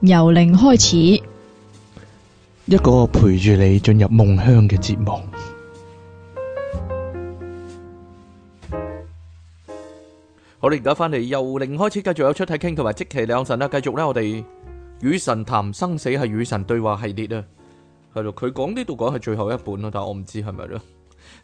由零開始，一個陪住你進入夢鄉嘅節目。好啦，我哋而家翻嚟由零開始，繼續有出體傾，同埋即期兩神啦。繼續咧，我哋與神談生死係與神對話系列啊，係咯。佢講呢度講係最後一本咯，但係我唔知係咪咯。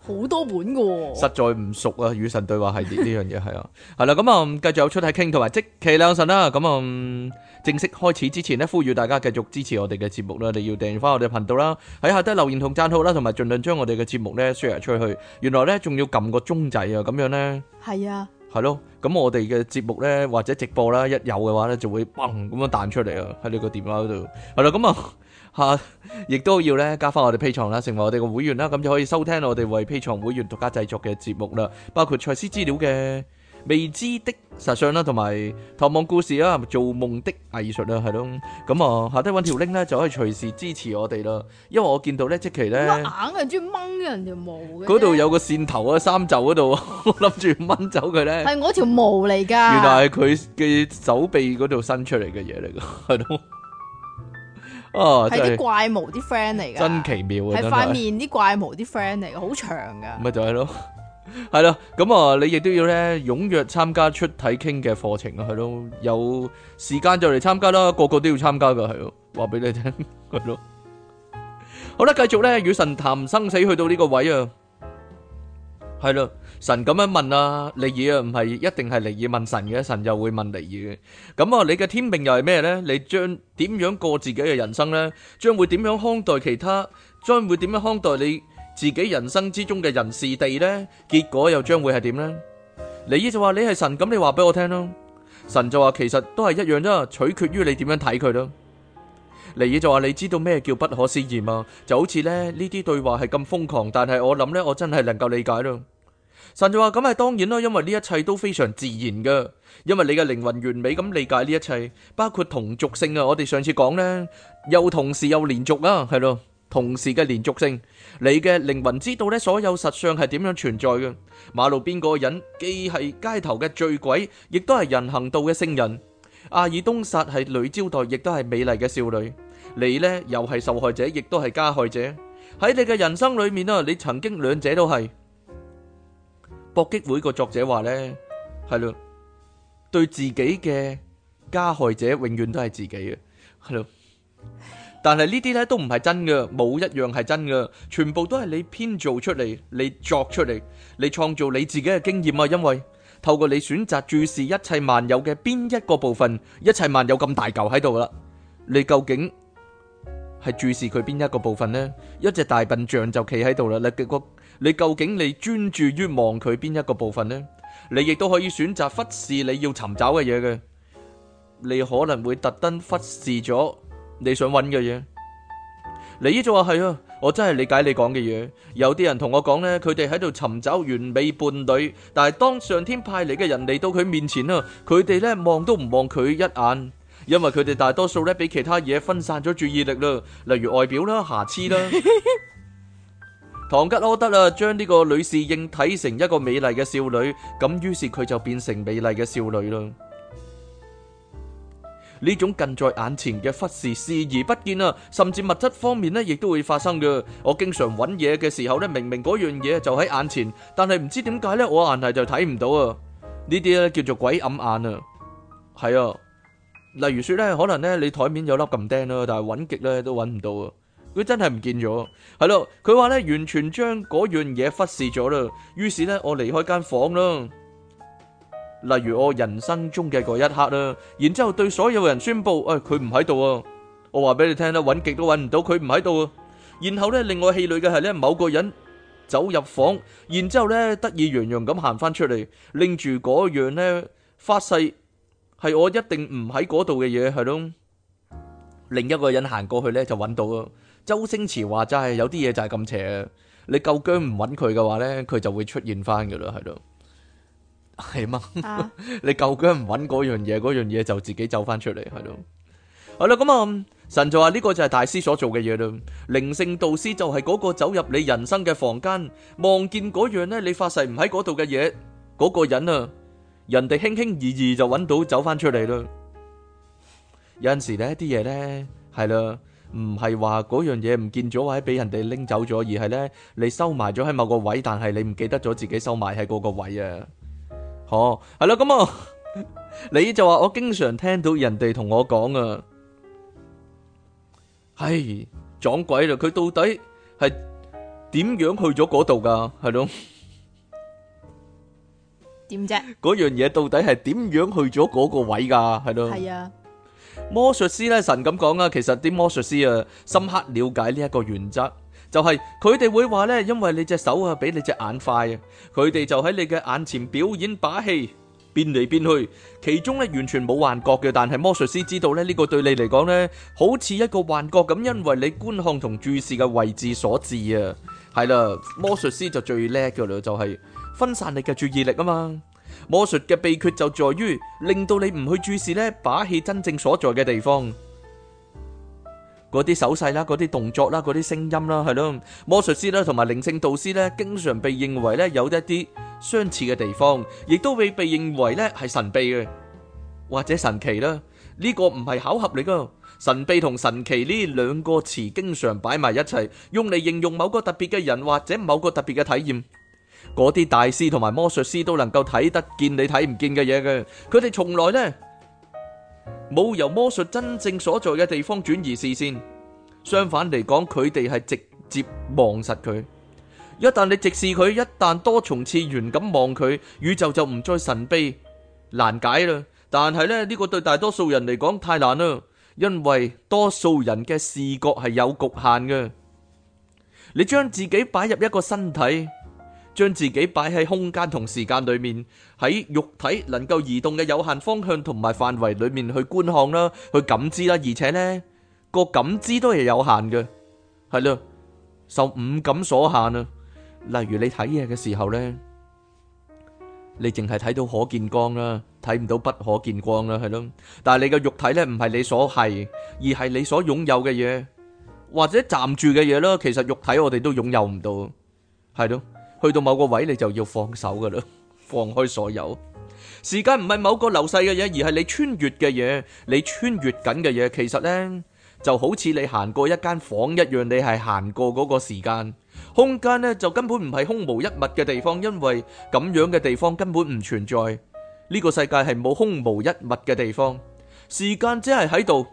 好多本喎，哦，實在唔熟啊！與神對話系列呢樣嘢係啊，係啦咁啊，繼續有出嚟傾，同埋即期兩神啦。咁、嗯、啊，正式開始之前咧，呼籲大家繼續支持我哋嘅節目啦，你要訂翻我哋頻道啦，喺下低留言同讚好啦，同埋盡量將我哋嘅節目咧 share 出去。原來咧仲要撳個鐘仔啊，咁樣咧，係啊，係咯。咁我哋嘅節目咧或者直播啦，一有嘅話咧就會嘣咁樣彈出嚟啊，喺你個電話嗰度。係啦，咁、嗯、啊。嗯吓，亦、啊、都要咧加翻我哋 P 床啦，成為我哋個會員啦，咁就可以收聽我哋為 P 床會員獨家製作嘅節目啦，包括蔡事資料嘅、未知的實相啦，同埋探望故事啦做夢的藝術啦，係咯，咁啊，下低搵條 link 咧就可以隨時支持我哋啦。因為我見到咧即其咧，硬係中掹人條毛，嗰度有個線頭啊，三袖嗰度，我諗住掹走佢咧，係 我條毛嚟噶，原來係佢嘅手臂嗰度伸出嚟嘅嘢嚟噶，係咯。哦，係啲、啊、怪模啲 friend 嚟噶，真奇妙啊！係塊面啲怪模啲 friend 嚟嘅，好長噶。咪就係咯，係咯，咁啊，你亦都要咧踴躍參加出體傾嘅課程啊，係咯，有時間就嚟參加啦，個個都要參加噶，係咯，話俾你聽，係咯。好啦，繼續咧，與神談生死去到呢個位啊。係咯，神咁樣問啊，尼爾啊，唔係一定係尼爾問神嘅，神又會問尼爾嘅。咁啊，你嘅天命又係咩呢？你將點樣過自己嘅人生呢？將會點樣看待其他？將會點樣看待你自己人生之中嘅人事地呢？結果又將會係點呢？尼爾就話：你係神咁，你話俾我聽咯。神就話：其實都係一樣啫，取決於你點樣睇佢咯。尼爾就話：你知道咩叫不可思議嘛？就好似呢呢啲對話係咁瘋狂，但係我諗呢，我真係能夠理解咯。神就話：咁係當然咯，因為呢一切都非常自然噶因為你嘅靈魂完美咁理解呢一切，包括同族性啊。我哋上次講咧，又同時又連續啊，係咯，同時嘅連續性，你嘅靈魂知道咧所有實相係點樣存在嘅。馬路邊個人既係街頭嘅醉鬼，亦都係人行道嘅聖人。阿爾東薩係女招待，亦都係美麗嘅少女。你咧又係受害者，亦都係加害者。喺你嘅人生裏面啊，你曾經兩者都係。搏擊會個作者話呢，係咯，對自己嘅加害者永遠都係自己嘅，係咯。但係呢啲呢都唔係真嘅，冇一樣係真嘅，全部都係你編造出嚟，你作出嚟，你創造你自己嘅經驗啊！因為透過你選擇注視一切萬有嘅邊一個部分，一切萬有咁大嚿喺度啦，你究竟係注視佢邊一個部分呢？一隻大笨象就企喺度啦，你結果。你究竟你專注於望佢邊一個部分呢？你亦都可以選擇忽視你要尋找嘅嘢嘅，你可能會特登忽視咗你想揾嘅嘢。你呢就話係啊，我真係理解你講嘅嘢。有啲人同我講呢，佢哋喺度尋找完美伴侶，但係當上天派嚟嘅人嚟到佢面前啊，佢哋呢望都唔望佢一眼，因為佢哋大多數呢俾其他嘢分散咗注意力啦，例如外表啦、瑕疵啦。 唐吉訶德啊，將呢個女侍應睇成一個美麗嘅少女，咁於是佢就變成美麗嘅少女啦。呢種近在眼前嘅忽視、視而不見啊，甚至物質方面咧，亦都會發生嘅。我經常揾嘢嘅時候咧，明明嗰樣嘢就喺眼前，但係唔知點解咧，我硬係就睇唔到啊。呢啲咧叫做鬼暗眼啊。係啊，例如說咧，可能咧你台面有粒撳釘啦，但係揾極咧都揾唔到啊。佢真係唔見咗，係咯。佢話咧完全將嗰樣嘢忽視咗啦。於是咧，我離開間房啦。例如我人生中嘅嗰一刻啦，然之後對所有人宣布：誒，佢唔喺度啊！我話俾你聽啦，搵極都搵唔到，佢唔喺度啊！然後咧，令我氣餒嘅係咧，某個人走入房，然之後咧得意洋洋咁行翻出嚟，拎住嗰樣咧發誓係我一定唔喺嗰度嘅嘢，係咯。另一個人行過去咧就搵到啊！周星馳話：真係有啲嘢，就係咁邪，你夠姜唔揾佢嘅話咧，佢就會出現翻噶啦，係咯，係嘛？你夠姜唔揾嗰樣嘢，嗰樣嘢就自己走翻出嚟，係咯，係啦。咁啊，神就話呢個就係大師所做嘅嘢咯。靈性導師就係嗰個走入你人生嘅房間，望見嗰樣咧，你發誓唔喺嗰度嘅嘢，嗰個人啊，人哋輕輕易易就揾到走翻出嚟咯。有陣時咧，啲嘢咧，係啦。唔係話嗰樣嘢唔見咗或者俾人哋拎走咗，而係呢你收埋咗喺某個位，但係你唔記得咗自己收埋喺嗰個位啊！哦，係咯，咁啊，你就話我經常聽到人哋同我講啊，唉，撞鬼啦！佢到底係點樣去咗嗰度噶？係咯？點啫？嗰樣嘢到底係點樣去咗嗰個位噶？係咯？係啊。魔術師咧神咁講啊，其實啲魔術師啊深刻了解呢一個原則，就係佢哋會話咧，因為你隻手啊比你隻眼快啊，佢哋就喺你嘅眼前表演把戲，變嚟變去，其中咧完全冇幻覺嘅，但係魔術師知道咧呢、呢個對你嚟講咧好似一個幻覺咁，因為你觀看同注視嘅位置所致啊。係啦，魔術師就最叻噶啦，就係、係、分散你嘅注意力啊嘛。魔術嘅秘訣就在於令到你唔去注視呢把戲真正所在嘅地方，嗰啲手勢啦，嗰啲動作啦，嗰啲聲音啦，係咯，魔術師啦，同埋靈性導師呢，經常被認為咧有一啲相似嘅地方，亦都會被認為咧係神秘嘅或者神奇啦。呢個唔係巧合嚟噶，神秘同神奇呢兩個詞經常擺埋一齊，用嚟形容某個特別嘅人或者某個特別嘅體驗。嗰啲大師同埋魔術師都能夠睇得見你睇唔見嘅嘢嘅，佢哋從來呢冇由魔術真正所在嘅地方轉移視線，相反嚟講，佢哋係直接望實佢。一旦你直視佢，一旦多重次元咁望佢，宇宙就唔再神秘難解啦。但係呢，呢個對大多數人嚟講太難啦，因為多數人嘅視覺係有局限嘅。你將自己擺入一個身體。將自己擺喺空間同時間裏面，喺肉體能夠移動嘅有限方向同埋範圍裏面去觀看啦，去感知啦，而且呢個感知都係有限嘅，係咯，受五感所限啊。例如你睇嘢嘅時候呢，你淨係睇到可見光啦，睇唔到不可見光啦，係咯。但係你嘅肉體呢，唔係你所係，而係你所擁有嘅嘢，或者暫住嘅嘢啦。其實肉體我哋都擁有唔到，係咯。去到某個位，你就要放手噶啦，放開所有。時間唔係某個流逝嘅嘢，而係你穿越嘅嘢，你穿越緊嘅嘢。其實咧，就好似你行過一間房一樣，你係行過嗰個時間空間咧，就根本唔係空無一物嘅地方，因為咁樣嘅地方根本唔存在。呢個世界係冇空無一物嘅地方，時間只係喺度。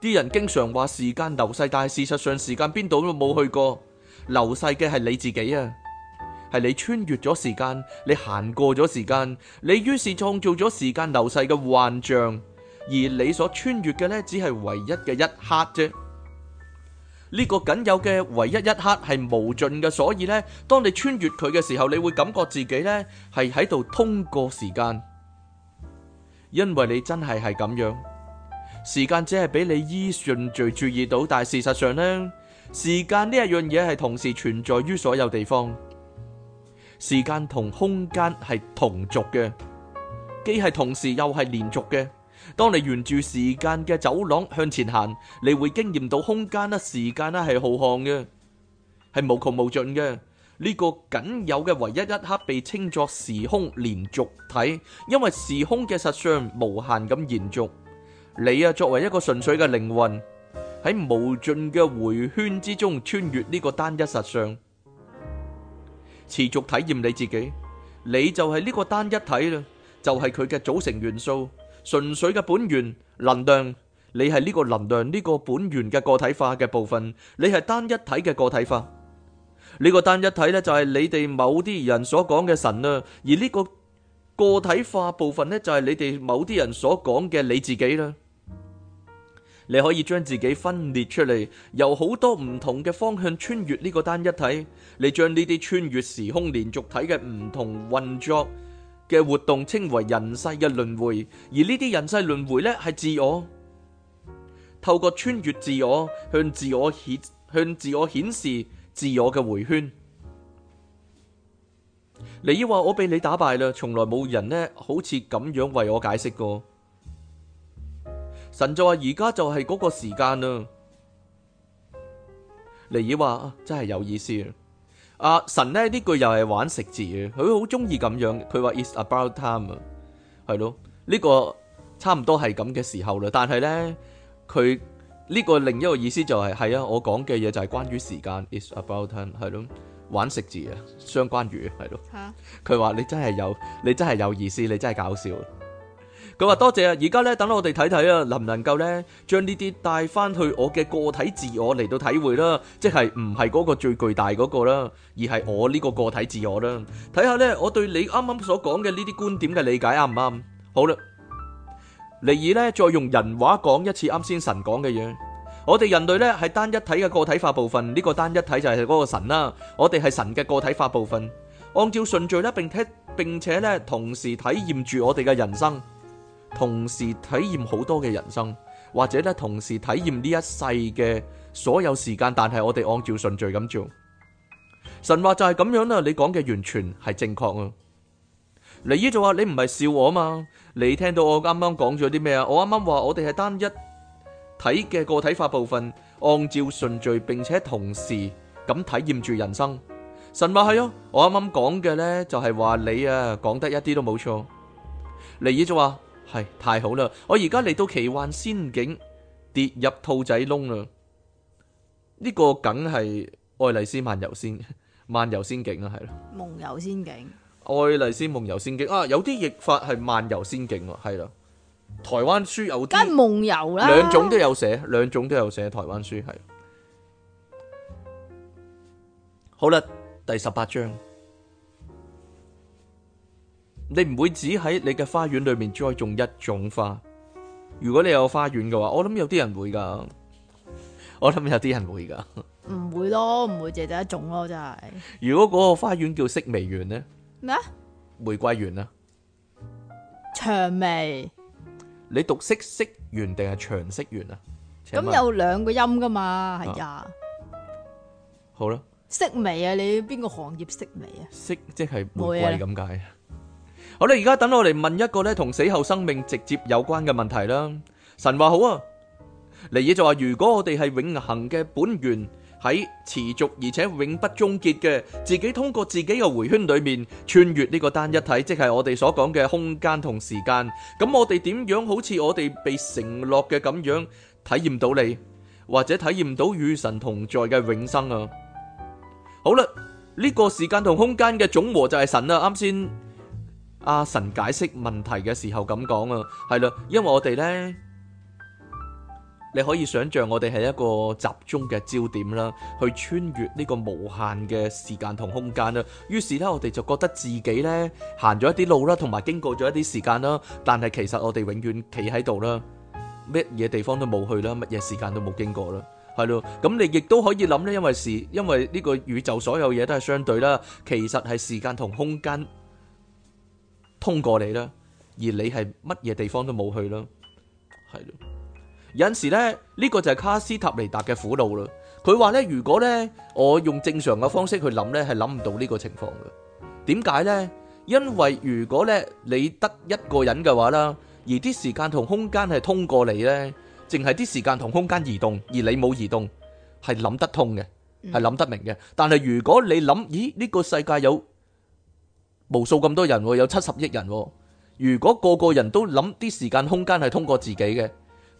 啲人經常話時間流逝，但係事實上時間邊度都冇去過。流逝嘅係你自己啊，係你穿越咗時間，你行過咗時間，你於是創造咗時間流逝嘅幻象，而你所穿越嘅呢，只係唯一嘅一刻啫。呢個僅有嘅唯一一刻係無盡嘅，所以呢，當你穿越佢嘅時候，你會感覺自己呢係喺度通過時間，因為你真係係咁樣，時間只係俾你依順序注意到，但係事實上呢。時間呢一樣嘢係同時存在於所有地方，時間同空間係同族嘅，既係同時又係連續嘅。當你沿住時間嘅走廊向前行，你會經驗到空間啦、時間啦係浩瀚嘅，係無窮無盡嘅。呢、這個僅有嘅唯一一刻被稱作時空連續體，因為時空嘅實相無限咁延續。你啊作為一個純粹嘅靈魂，喺無盡嘅回圈之中穿越呢個單一實相，持續體驗你自己，你就係呢個單一體啦，就係佢嘅組成元素，純粹嘅本源能量，你係呢個能量呢個本源嘅個體化嘅部分，你係單一體嘅個體化，呢個單一體呢就係你哋某啲人所講嘅神啦，而呢個個體化部分呢就係你哋某啲人所講嘅你自己啦。你可以將自己分裂出嚟，由好多唔同嘅方向穿越呢個單一體。你將呢啲穿越時空連續體嘅唔同運作嘅活動，稱為人世嘅輪迴。而呢啲人世輪迴呢，係自我透過穿越自我向自我顯，向自我顯示自我嘅回圈。你以為我被你打敗啦，從來冇人咧好似咁樣為我解釋過。神就話而家就係嗰個時間啦。尼爾話、啊、真係有意思啊！神呢，呢句又係玩食字嘅，佢好中意咁樣。佢話 It's about time 啊，係咯？呢個差唔多係咁嘅時候啦。但係呢，佢呢個另一個意思就係，係啊，我講嘅嘢就係關於時間，It's about time，係咯？玩食字啊，相關語，係咯。佢話、啊、你真係有，你真係有意思，你真係搞笑。佢話，多謝啊，而家咧，等我哋睇睇啊，能唔能夠咧，將呢啲帶翻去我嘅個體自我嚟到體會啦，即係唔係嗰個最巨大嗰個啦，而係我呢個個體自我啦。睇下咧，我對你啱啱所講嘅呢啲觀點嘅理解啱唔啱？好啦，嚟二咧，再用人話講一次啱先神講嘅嘢，我哋人類咧係單一體嘅個體化部分，呢個單一體就係嗰個神啦。我哋係神嘅個體化部分，按照順序咧，並且並且咧，同時體驗住我哋嘅人生。同時體驗好多嘅人生，或者咧同時體驗呢一世嘅所有時間，但係我哋按照順序咁做。神話就係咁樣啦，你講嘅完全係正確啊。尼爾就話：你唔係笑我啊嘛？你聽到我啱啱講咗啲咩啊？我啱啱話我哋係單一體嘅個體化部分，按照順序，並且同時咁體驗住人生。神話係啊，我啱啱講嘅呢就係話你啊，講得一啲都冇錯。尼爾就話。係太好啦！我而家嚟到奇幻仙境，跌入兔仔窿啦！呢個梗係愛麗絲漫遊仙漫遊仙境啦，係咯。夢遊仙境。愛麗絲夢遊仙境啊！有啲譯法係漫遊仙境，係啦。台灣書有啲梗係夢遊啦，兩種都有寫，兩種都有寫台灣書，係。好啦，第十八章。你唔會只喺你嘅花園裏面栽種一種花。如果你有花園嘅話，我諗有啲人會噶。我諗有啲人會噶。唔會咯，唔會淨得一種咯，真係。如果嗰個花園叫色微園呢麼玫瑰園咧？咩？玫瑰園啊？薔薇眉。你讀色色園定係薔色園啊？咁有兩個音噶嘛？係啊。的好啦吧。色薇啊？你邊個行業色薇啊？色即係玫瑰咁解。好啦，而家等我嚟問一個咧，同死後生命直接有關嘅問題啦。神話好啊，尼爾就話：如果我哋係永恒嘅本源，喺持續而且永不終結嘅，自己通過自己嘅回圈裏面穿越呢個單一體，即係我哋所講嘅空間同時間，咁我哋點樣好似我哋被承諾嘅咁樣體驗到你，或者體驗到與神同在嘅永生啊？好啦，呢個時間同空間嘅總和就係神啦。啱先。阿神解釋問題嘅時候咁講啊，係啦，因為我哋呢，你可以想象我哋係一個集中嘅焦點啦，去穿越呢個無限嘅時間同空間啦。於是呢，我哋就覺得自己呢行咗一啲路啦，同埋經過咗一啲時間啦。但係其實我哋永遠企喺度啦，乜嘢地方都冇去啦，乜嘢時間都冇經過啦。係咯，咁你亦都可以諗呢，因為時，因為呢個宇宙所有嘢都係相對啦，其實係時間同空間。通過你啦，而你係乜嘢地方都冇去咯，係咯。有陣時咧，呢個就係卡斯塔尼達嘅苦惱啦。佢話咧，如果咧我用正常嘅方式去諗咧，係諗唔到呢個情況嘅。點解咧？因為如果咧你得一個人嘅話啦，而啲時間同空間係通過你咧，淨係啲時間同空間移動，而你冇移動，係諗得通嘅，係諗得明嘅。但係如果你諗，咦呢個世界有？無數咁多人，有七十億人。如果個個人都諗啲時間空間係通過自己嘅，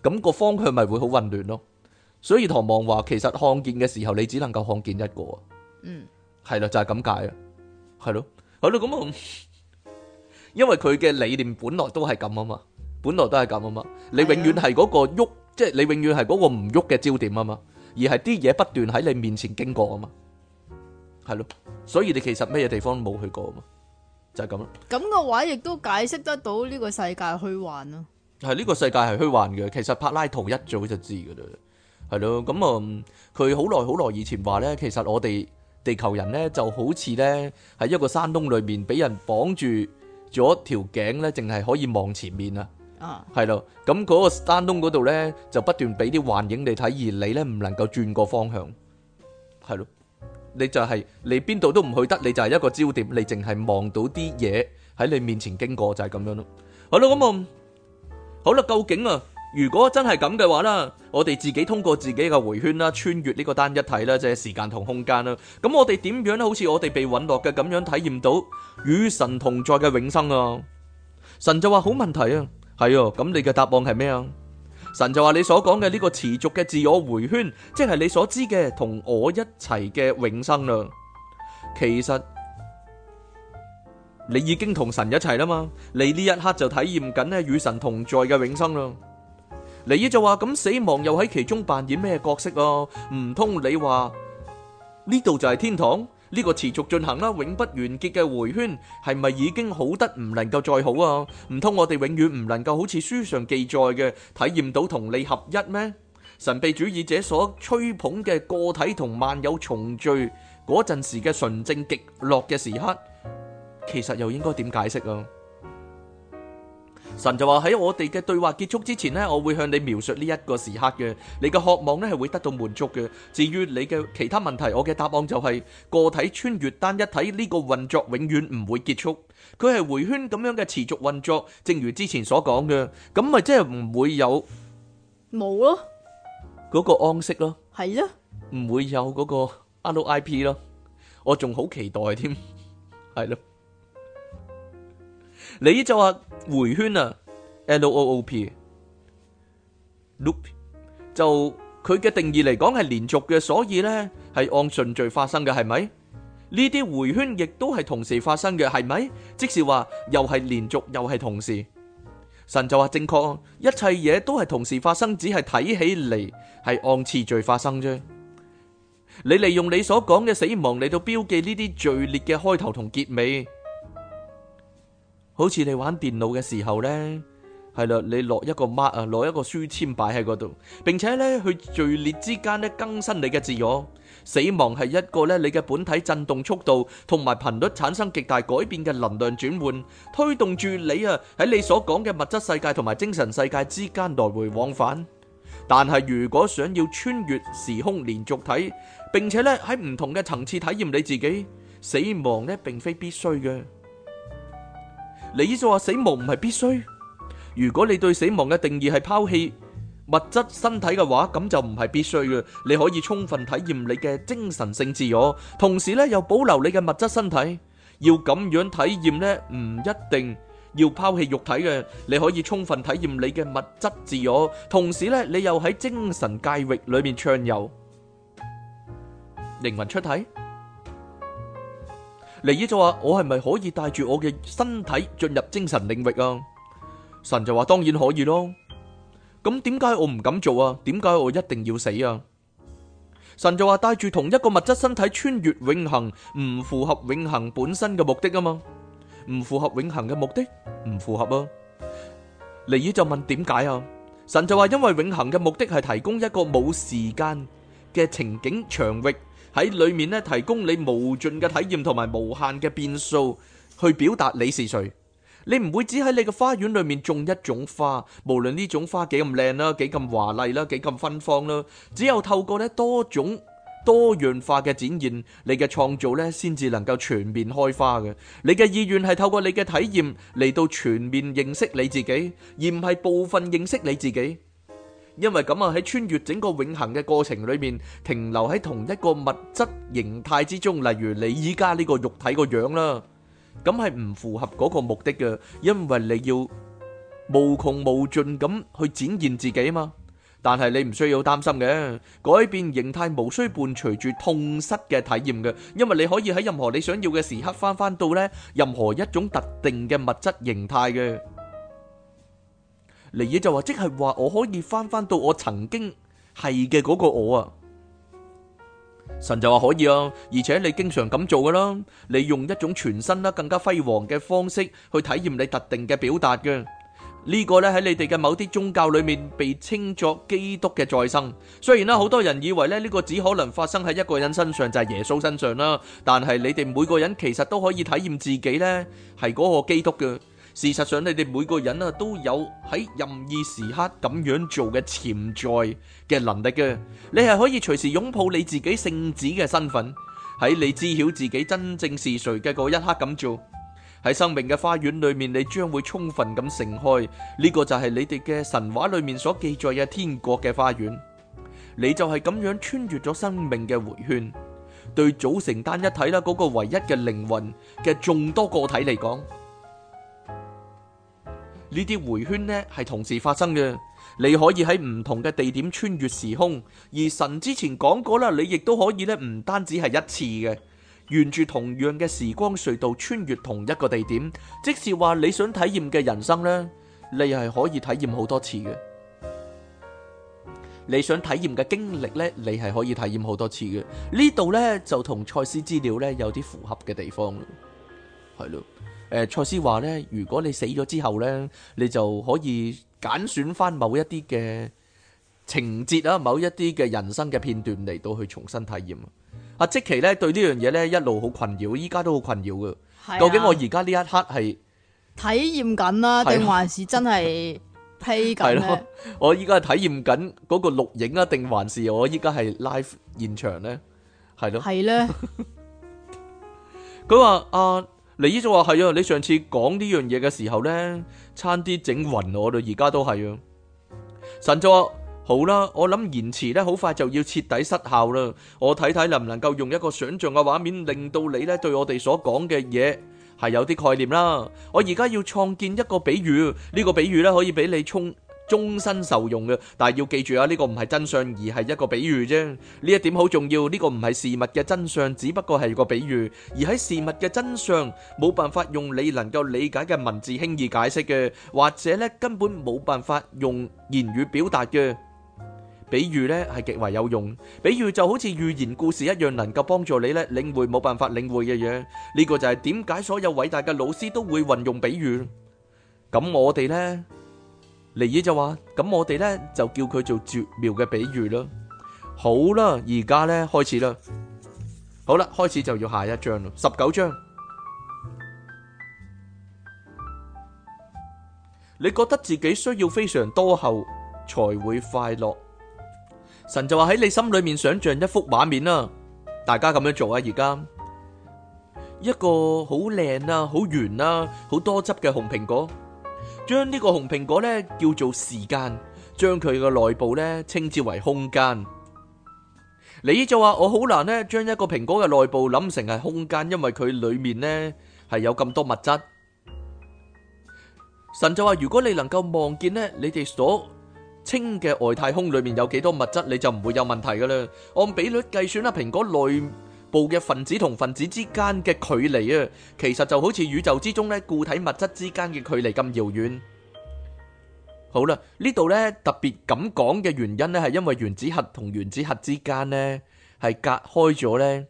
咁個方向咪會好混亂咯。所以唐望話，其實看見嘅時候，你只能夠看見一個啊。嗯，係啦，就係咁解啊，係咯，係咯，咁因為佢嘅理念本來都係咁啊嘛，本來都係咁啊嘛。你永遠係嗰個喐，哎呀，即係你永遠係嗰個唔喐嘅焦點啊嘛，而係啲嘢不斷喺你面前經過啊嘛，係咯。所以你其實咩嘢地方都冇去過啊嘛。就係咁咯，咁嘅話亦都解釋得到呢個世界虛幻咯。係呢個世界係虛幻嘅，其實柏拉圖一早就知㗎啦。係咯，咁啊，佢好耐好耐以前話咧，其實我哋地球人咧就好似咧喺一個山窿裏面俾人綁住咗條頸咧，淨係可以望前面啊。啊，係咯，咁嗰個山窿嗰度咧就不斷俾啲幻影你睇，而你咧唔能夠轉個方向，係咯。你就係，你邊度都唔去得，你就係一個焦點，你淨係望到啲嘢，喺你面前經過就係咁樣咯。好啦，咁啊，好啦，究竟啊，如果真係咁嘅話啦，我哋自己通過自己嘅回圈啦，穿越呢個單一體啦，即係時間同空間啦，咁我哋點樣好似我哋被隕落嘅咁樣體驗到與神同在嘅永生啊？神就話：「好問題啊，係啊。」咁你嘅答案係咩啊？神就話：你所講嘅呢個持續嘅自我回圈，即係你所知嘅同我一齊嘅永生啦。其實你已經同神一齊啦嘛，你呢一刻就體驗緊呢與神同在嘅永生啦。尼爾就話：咁死亡又喺其中扮演咩角色哦、啊？唔通你話呢度就係天堂？呢個持續進行啦，永不完結嘅迴圈，係咪已經好得唔能夠再好啊？唔通我哋永遠唔能夠好似書上記載嘅體驗到同你合一咩？神秘主義者所吹捧嘅個體同萬有重聚嗰陣時嘅純正極樂嘅時刻，其實又應該點解釋啊？神就話，喺我哋嘅對話結束之前咧，我會向你描述呢一個時刻嘅，你嘅渴望咧係會得到滿足嘅。至於你嘅其他問題，我嘅答案就係個體穿越單一體呢個運作永遠唔會結束，佢係回圈咁樣嘅持續運作，正如之前所講嘅，咁咪即係唔會有冇咯，嗰個安息咯，係咯，唔會有嗰個 RIP 咯，我仲好期待添，係咯，你就話。回圈啊，L O O P，loop 就佢嘅定義嚟講係連續嘅，所以呢，係按順序發生嘅，係咪？呢啲回圈亦都係同時發生嘅，係咪？即是話又係連續又係同時，神就話正確，一切嘢都係同時發生，只係睇起嚟係按次序發生啫。你利用你所講嘅死亡嚟到標記呢啲序列嘅開頭同結尾。好似你玩電腦嘅時候呢，係啦，你落一個 mark 啊，落一個書簽擺喺嗰度，並且呢，去序列之間呢更新你嘅自我。死亡係一個呢你嘅本體震動速度同埋頻率產生極大改變嘅能量轉換，推動住你啊喺你所講嘅物質世界同埋精神世界之間來回往返。但係如果想要穿越時空連續體，並且呢，喺唔同嘅層次體驗你自己，死亡呢並非必須嘅。你就話死亡唔係必須？如果你對死亡嘅定義係拋棄物質身體嘅話，咁就唔係必須嘅。你可以充分體驗你嘅精神性自我，同時咧又保留你嘅物質身體。要咁樣體驗咧，唔一定要拋棄肉體嘅。你可以充分體驗你嘅物質自我，同時咧你又喺精神界域裏面暢遊，靈魂出體。尼爾就話：我係咪可以帶住我嘅身體進入精神領域啊？神就話：當然可以咯。咁點解我唔敢做啊？點解我一定要死啊？神就話：帶住同一個物質身體穿越永恆，唔符合永恆本身嘅目的啊嘛。唔符合永恆嘅目的，唔符合啊。尼爾就問：點解啊？神就話：因為永恆嘅目的係提供一個冇時間嘅情景場域。喺裏面咧，提供你無盡嘅體驗同埋無限嘅變數去表達你是誰。你唔會只喺你嘅花園裏面種一種花，無論呢種花幾咁靚啦、幾咁華麗啦、幾咁芬芳啦，只有透過呢多種多元化嘅展現，你嘅創造咧先至能夠全面開花嘅。你嘅意願係透過你嘅體驗嚟到全面認識你自己，而唔係部分認識你自己。因為咁啊，喺穿越整個永恒嘅過程裏面，停留喺同一個物質形態之中，例如你依家呢個肉體個樣啦，咁係唔符合嗰個目的嘅，因為你要無窮無盡咁去展現自己嘛。但係你唔需要擔心嘅，改變形態無需伴隨住痛失嘅體驗嘅，因為你可以喺任何你想要嘅時刻翻翻到呢任何一種特定嘅物質形態嘅。尼爾就話，即係話我可以翻翻到我曾經係嘅嗰個我啊！神就話可以啊，而且你經常咁做㗎啦，你用一種全新啦，更加輝煌嘅方式去體驗你特定嘅表達嘅。呢個咧喺你哋嘅某啲宗教裏面被稱作基督嘅再生。雖然啦，好多人以為咧呢個只可能發生喺一個人身上就係耶穌身上啦，但係你哋每個人其實都可以體驗自己咧係嗰個基督嘅。事實上，你哋每個人啊都有喺任意時刻咁樣做嘅潛在嘅能力嘅，你係可以隨時擁抱你自己聖子嘅身份，喺你知曉自己真正是誰嘅嗰一刻咁做，喺生命嘅花園裏面，你將會充分咁盛開。呢個就係你哋嘅神話裏面所記載嘅天國嘅花園。你就係咁樣穿越咗生命嘅回圈，對組成單一體啦嗰個唯一嘅靈魂嘅眾多個體嚟講。呢啲回圈呢係同時發生嘅，你可以喺唔同嘅地點穿越時空，而神之前講過啦，你亦都可以咧唔單止係一次嘅，沿住同樣嘅時光隧道穿越同一個地點，即是話你想體驗嘅人生呢，你係可以體驗好多次嘅。你想體驗嘅經歷呢，你係可以體驗好多次嘅。呢度呢，就同賽斯資料呢有啲符合嘅地方咯，係咯。誒，蔡思話咧，如果你死咗之後咧，你就可以揀選返某一啲嘅情節啊，某一啲嘅人生嘅片段嚟到去重新體驗啊！阿積奇咧對這件事呢樣嘢咧一路好困擾，依家都好困擾㗎。係啊、究竟我而家呢一刻係體驗緊啦，定還是真係批緊係咯，我依家係體驗緊嗰個錄影啊，定、啊、還是我依家係 live 現場呢？係咯、啊，係咧呢。佢話阿。啊李姨就話係啊，你上次講呢樣嘢嘅時候呢，差啲整暈我，到而家都係啊。神就話好啦，我諗言辭呢好快就要徹底失效啦，我睇睇能唔能夠用一個想象嘅畫面，令到你呢對我哋所講嘅嘢係有啲概念啦。我而家要創建一個比喻，呢個比喻呢可以俾你衝，終身受用嘅，但係要記住啊，呢個唔係真相，而係一個比喻啫。呢一點好重要，呢個唔係事物嘅真相，只不過係個比喻。而喺事物嘅真相，冇辦法用你能夠理解嘅文字輕易解釋嘅，或者呢根本冇辦法用言語表達嘅。比喻呢係極為有用，比喻就好似寓言故事一樣，能夠幫助你呢領會冇辦法領會嘅嘢。呢個就係點解所有偉大嘅老師都會運用比喻。咁我哋呢？尼爾就話：咁我哋咧就叫佢做絕妙嘅比喻啦。好啦，而家咧開始啦。好啦，開始就要下一章啦。十九章，你覺得自己需要非常多後才會快樂？神就話喺你心裏面想象一幅畫面啦。大家咁樣做啊！而家一個好靚啊、好圓啊、好多汁嘅紅蘋果。將呢個紅蘋果呢叫做時間，將佢嘅內部呢稱之為空間。你就話我好難呢將一個蘋果嘅內部諗成係空間，因為佢裏面呢係有咁多物質。神就話：如果你能夠望見呢，你哋所稱嘅外太空裏面有幾多物質，你就唔會有問題噶啦。按比率計算啦，蘋果內。部嘅分子同分子之間嘅距離啊，其實就好似宇宙之中呢固體物質之間嘅距離咁遙遠。好啦，呢度呢特別咁講嘅原因呢，係因為原子核同原子核之間呢係隔開咗呢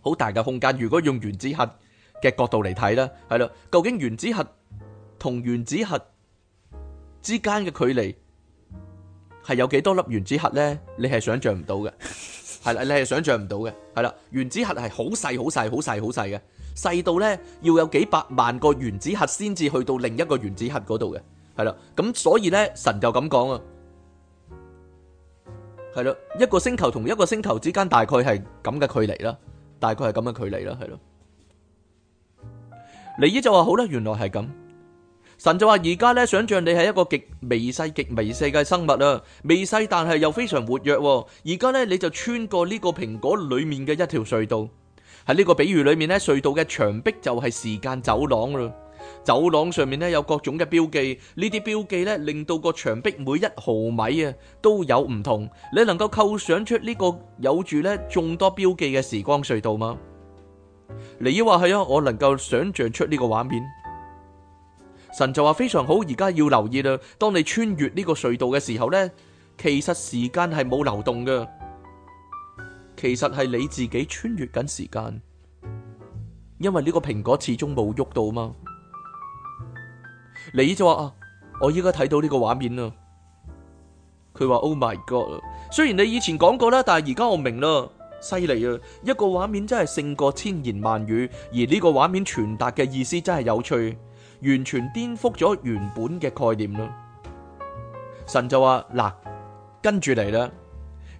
好大嘅空間。如果用原子核嘅角度嚟睇啦，係啦，究竟原子核同原子核之間嘅距離係有幾多粒原子核呢？你係想象唔到嘅。係啦，你係想象唔到嘅，係啦，原子核係好細好細好細好細嘅，細到咧要有幾百萬個原子核先至去到另一個原子核嗰度嘅，係啦，咁所以咧神就咁講啊，係咯，一個星球同一個星球之間大概係咁嘅距離啦，大概係咁嘅距離啦，係咯，你呢就話好啦，原來係咁。神就話：而家咧，想象你係一個極微細、極微細嘅生物啊，微細但係又非常活躍。而家咧，你就穿過呢個蘋果裏面嘅一條隧道。喺呢個比喻裏面咧，隧道嘅牆壁就係時間走廊啦。走廊上面咧，有各種嘅標記，呢啲標記咧令到個牆壁每一毫米啊都有唔同。你能夠構想出呢個有住咧眾多標記嘅時光隧道嗎？你話係啊，我能夠想象出呢個畫面。神就話非常好，而家要留意啦。當你穿越呢個隧道嘅時候呢，其實時間係冇流動㗎，其實係你自己穿越緊時間，因為呢個蘋果始終冇喐到嘛。你就話啊，我依家睇到呢個畫面啊。說」佢話 Oh my God，雖然你以前講過啦，但係而家我明啦，犀利啊！一個畫面真係勝過千言萬語，而呢個畫面傳達嘅意思真係有趣。完全顛覆咗原本嘅概念囉。神就話，嗱，跟住嚟啦，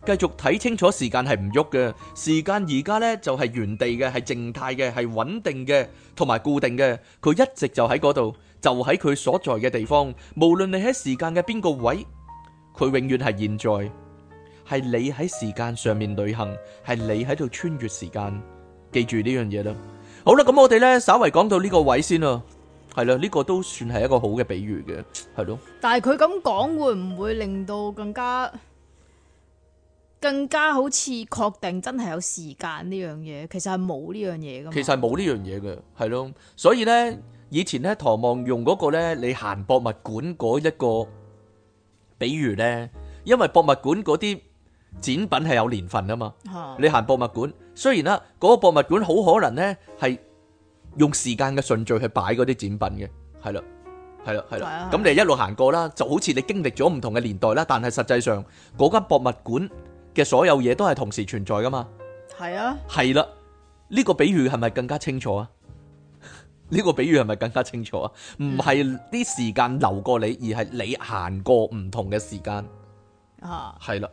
繼續睇清楚時間係唔喐嘅。時間而家呢就係原地嘅，係靜態嘅，係穩定嘅，同埋固定嘅。佢一直就喺嗰度，就喺佢所在嘅地方。無論你喺時間嘅邊個位，佢永遠係現在，係你喺時間上面旅行，係你喺度穿越時間。記住呢樣嘢啦。好啦，咁我哋呢稍為講到呢個位先啦。係啦，呢個都算係一個好嘅比喻嘅，係咯。但係佢咁講會唔會令到更加更加好似確定真係有時間呢樣嘢？其實係冇呢樣嘢噶。其實係冇呢樣嘢嘅，係咯。所以咧，以前咧，唐望用嗰個咧，你行博物館嗰一個比喻咧，因為博物館嗰啲展品係有年份啊嘛。你行博物館，雖然啦，嗰個博物館好可能咧係。用時間嘅順序去擺嗰啲展品嘅，係啦，係啦，係啦，咁的你一路行過啦，的就好似你經歷咗唔同嘅年代啦。但係實際上，嗰間博物館嘅所有嘢都係同時存在噶嘛？係啊的，係啦，呢個比喻係咪更加清楚啊？呢個比喻係咪更加清楚啊？唔係啲時間流過你，嗯、而係你行過唔同嘅時間啊，係啦。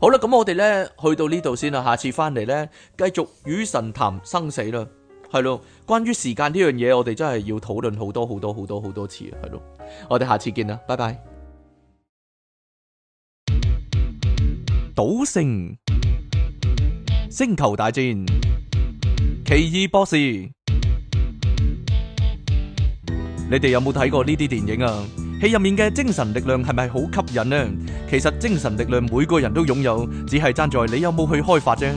好啦，咁我哋呢，去到呢度先啦，下次翻嚟呢，繼續與神談生死啦。係咯，關於時間呢樣嘢，我哋真係要討論好多好多好多好多好多次啊！係咯，我哋下次見啦，拜拜。賭聖、星球大戰、奇異博士，你哋有冇睇過呢啲電影啊？戲入面嘅精神力量係咪好吸引呢？其實精神力量每個人都擁有，只係爭在你有冇去開發啫。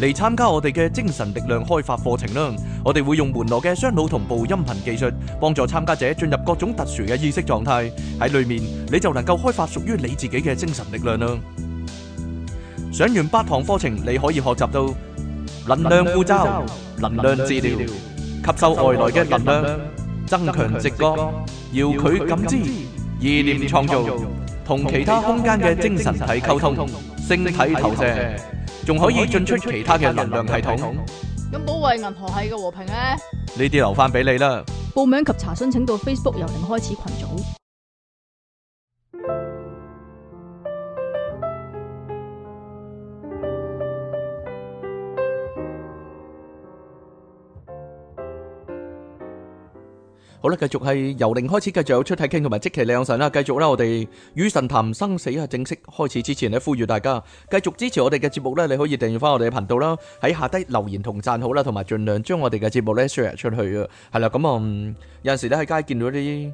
嚟參加我哋嘅精神力量開發課程啦！我哋會用門羅嘅雙腦同步音頻技術，幫助參加者進入各種特殊嘅意識狀態。喺裏面你就能夠開發屬於你自己嘅精神力量啦！上完八堂課程，你可以學習到能量護罩、能量治療、吸收外來嘅能量、增強直覺、遙距感知、意念創造、同其他空間嘅精神體溝通、星體投射。仲可以進出其他嘅能量系統。咁，保衛銀河系嘅和平咧？呢啲留翻俾你啦。報名及查詢請到 Facebook 由零開始群組。好啦，繼續係由零開始，繼續有出體傾同埋即其兩神啦。繼續啦，我哋與神談生死啊！正式開始之前咧，呼籲大家繼續支持我哋嘅節目咧，你可以訂閱翻我哋嘅頻道啦，喺下低留言同讚好啦，同埋盡量將我哋嘅節目咧 share 出去啊！係啦，咁、嗯、啊，有陣時咧喺街見到啲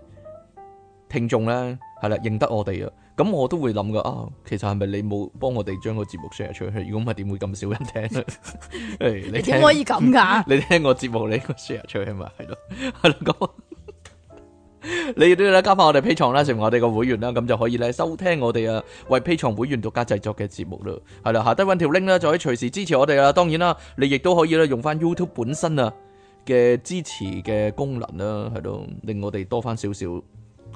聽眾咧，係啦，認得我哋啊，咁我都會諗噶啊，其實係咪你冇幫我哋將個節目 share 出去？如果唔係，點會咁少人聽？ 你點聽可以咁噶？ 你聽我節目，你 share 出去嘛，係咯？係咯，咁。 你亦都要咧加翻我哋 P 廠啦，成為我哋個會員啦，咁就可以咧收聽我哋啊為 P 廠會員獨家製作嘅節目啦。係啦，下低揾條 link 啦，就可以隨時支持我哋啦。當然啦，你亦都可以咧用翻 YouTube 本身啊嘅支持嘅功能啦，係咯，令我哋多翻少少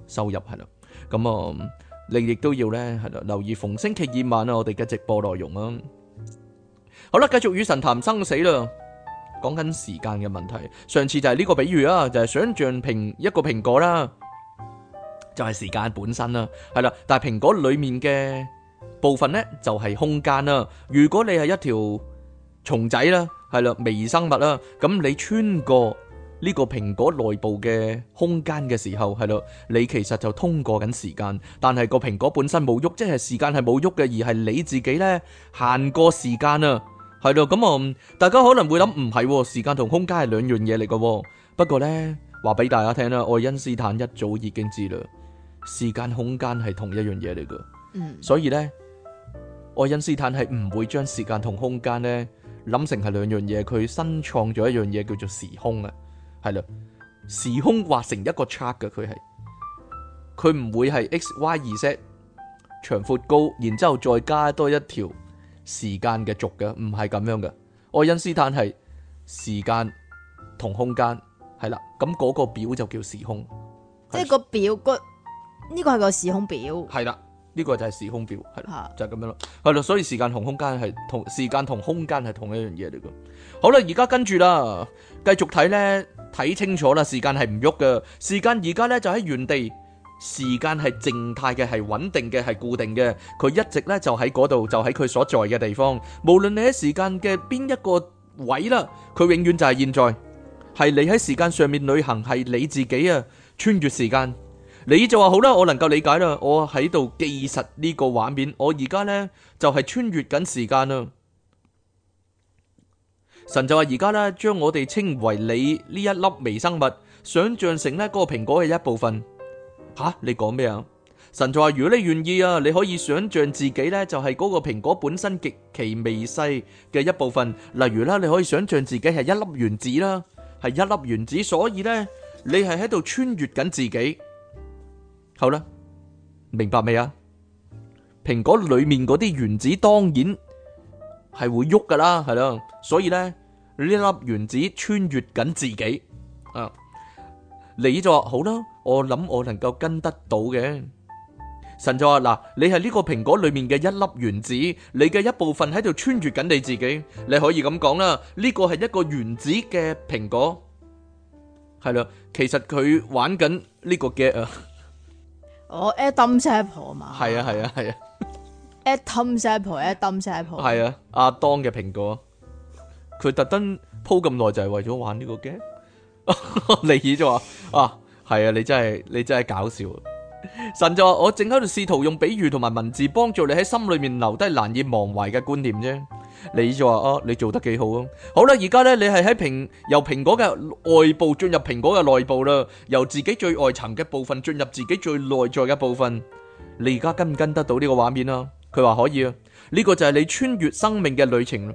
收入，係啦。咁啊，你亦都要咧係啦，留意逢星期二晚啊我哋嘅直播內容啦。好啦，繼續與神談生死啦。講緊時間嘅問題，上次就係呢個比喻啊，就係想象蘋一個蘋果啦，就係時間本身啦，係啦，但係蘋果裏面嘅部分呢，就係空間啦。如果你係一條蟲仔啦，係啦，微生物啦，咁你穿過呢個蘋果內部嘅空間嘅時候，係咯，你其實就通過緊時間，但係個蘋果本身冇喐，即係時間係冇喐嘅，而係你自己呢，行過時間啊。係咯，咁啊、嗯，大家可能會諗唔係，時間同空間係兩樣嘢嚟噶。不過呢，話俾大家聽啦，愛因斯坦一早已經知啦，時間空間係同一樣嘢嚟噶。嗯，所以呢，愛因斯坦係唔會將時間同空間呢，諗成係兩樣嘢，佢新創咗一樣嘢叫做時空啊。係啦，時空畫成一個叉噶，佢係，佢唔會係 x y z 長闊高，然之後再加多一條。時間嘅軸嘅，唔係咁樣嘅，愛因斯坦係時間同空間係啦，咁嗰個表就叫時空，即係個表個呢個係個時空表，係啦，呢個就係時空表，係咯，啊，就係咁樣咯，係咯，所以時間同空間係同時間同空間係同一樣嘢嚟嘅。好啦，而家跟住啦，繼續睇咧，睇清楚啦，時間係唔喐嘅，時間而家咧就喺原地。時間係靜態嘅，係穩定嘅，係固定嘅。佢一直呢就喺嗰度，就喺佢所在嘅地方。無論你喺時間嘅邊一個位啦，佢永遠就係現在。係你喺時間上面旅行，係你自己啊，穿越時間。你就話好啦，我能夠理解啦。我喺度記實呢個畫面，我而家呢，就係、是、穿越緊時間啦。神就話而家呢，將我哋稱為你呢一粒微生物，想象成呢嗰個蘋果嘅一部分。吓、啊，你講咩啊？神就話：如果你願意啊，你可以想象自己呢就係嗰個蘋果本身極其微細嘅一部分。例如啦，你可以想象自己係一粒原子啦，係一粒原子。所以呢，你係喺度穿越緊自己。好啦，明白未啊？蘋果裏面嗰啲原子當然係會喐噶啦，係咯。所以呢，呢粒原子穿越緊自己。啊，你就好啦。我諗我能夠跟得到嘅。神就話，嗱，你係呢個蘋果裏面嘅一粒原子，你嘅一部分喺度穿越緊你自己，你可以咁講啦。呢個係一個原子嘅蘋果，係啦，其實佢玩緊呢個 game 啊。哦，Adam's Apple 啊嘛，係啊係啊係啊，Adam's Apple，Adam's Apple，係啊，阿當嘅蘋果，佢特登鋪咁耐就係為咗玩呢個 game，利耳就話啊！係啊，你真係你真係搞笑。神就話，我正喺度試圖用比喻同埋文字幫助你喺心裏面留低難以忘懷嘅觀念啫。你就話，啊，你做得幾好，好啊。好啦，而家呢，你係喺蘋由蘋果嘅外部進入蘋果嘅內部啦，由自己最外層嘅部分進入自己最內在嘅部分。你而家跟唔跟得到呢個畫面啊？佢話可以啊。呢、呢個就係你穿越生命嘅旅程。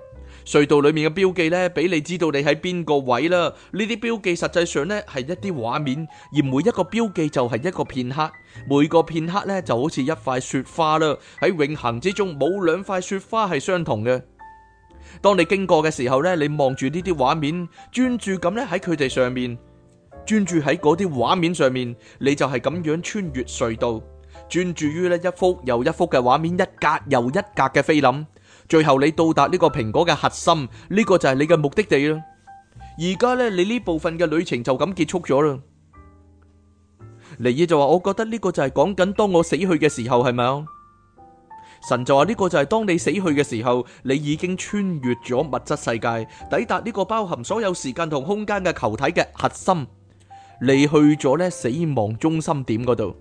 隧道裏面嘅標記咧，俾你知道你喺邊個位啦。呢啲標記實際上咧係一啲畫面，而每一個標記就係一個片刻。每個片刻呢就好似一塊雪花啦，喺永恒之中冇兩塊雪花係相同嘅。當你經過嘅時候呢，你望住呢啲畫面，專注咁呢喺佢哋上面，專注喺嗰啲畫面上面，你就係咁樣穿越隧道，專注於呢一幅又一幅嘅畫面，一格又一格嘅菲林。最後你到達呢個蘋果嘅核心，呢個就係你嘅目的地啦。而家呢，你呢部分嘅旅程就咁結束咗啦。尼爾就話：我覺得呢個就係講緊當我死去嘅時候，係咪？神就話：呢個就係當你死去嘅時候，你已經穿越咗物質世界，抵達呢個包含所有時間同空間嘅球體嘅核心，你去咗呢死亡中心點嗰度。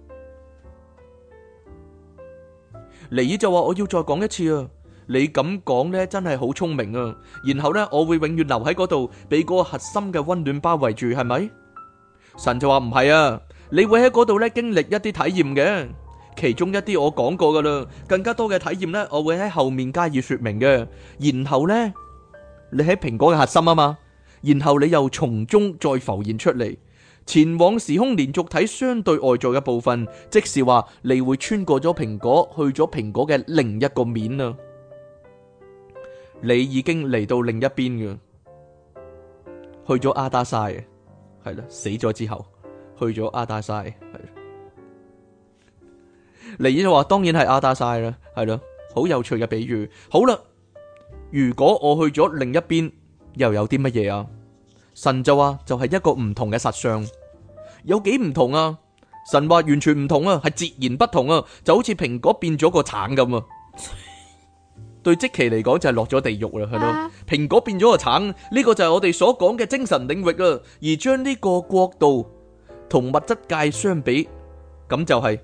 尼爾就話：我要再講一次啊！你咁講呢，真係好聰明啊。然後呢，我會永遠留喺嗰度，俾嗰個核心嘅溫暖包圍住，係咪？神就話，唔係啊，你會喺嗰度呢經歷一啲體驗嘅，其中一啲我講過噶啦，更加多嘅體驗呢，我會喺後面加以說明嘅。然後呢，你喺蘋果嘅核心啊嘛，然後你又從中再浮現出嚟，前往時空連續體相對外在嘅部分，即是話你會穿過咗蘋果去咗蘋果嘅另一個面啊。你已經嚟到另一邊嘅，去咗阿達晒係啦，死咗之後去咗阿達晒係啦。尼爾就話：當然係阿達晒啦，係啦，好有趣嘅比喻。好啦，如果我去咗另一邊，又有啲乜嘢啊？神就話：就係一個唔同嘅實相，有幾唔同啊？神話完全唔同啊，係截然不同啊，就好似蘋果變咗個橙咁啊！對即期嚟講就係落咗地獄啦，係咯，蘋果變咗個橙，呢個就係我哋所講嘅精神領域啦。而將呢個國度同物質界相比，咁就係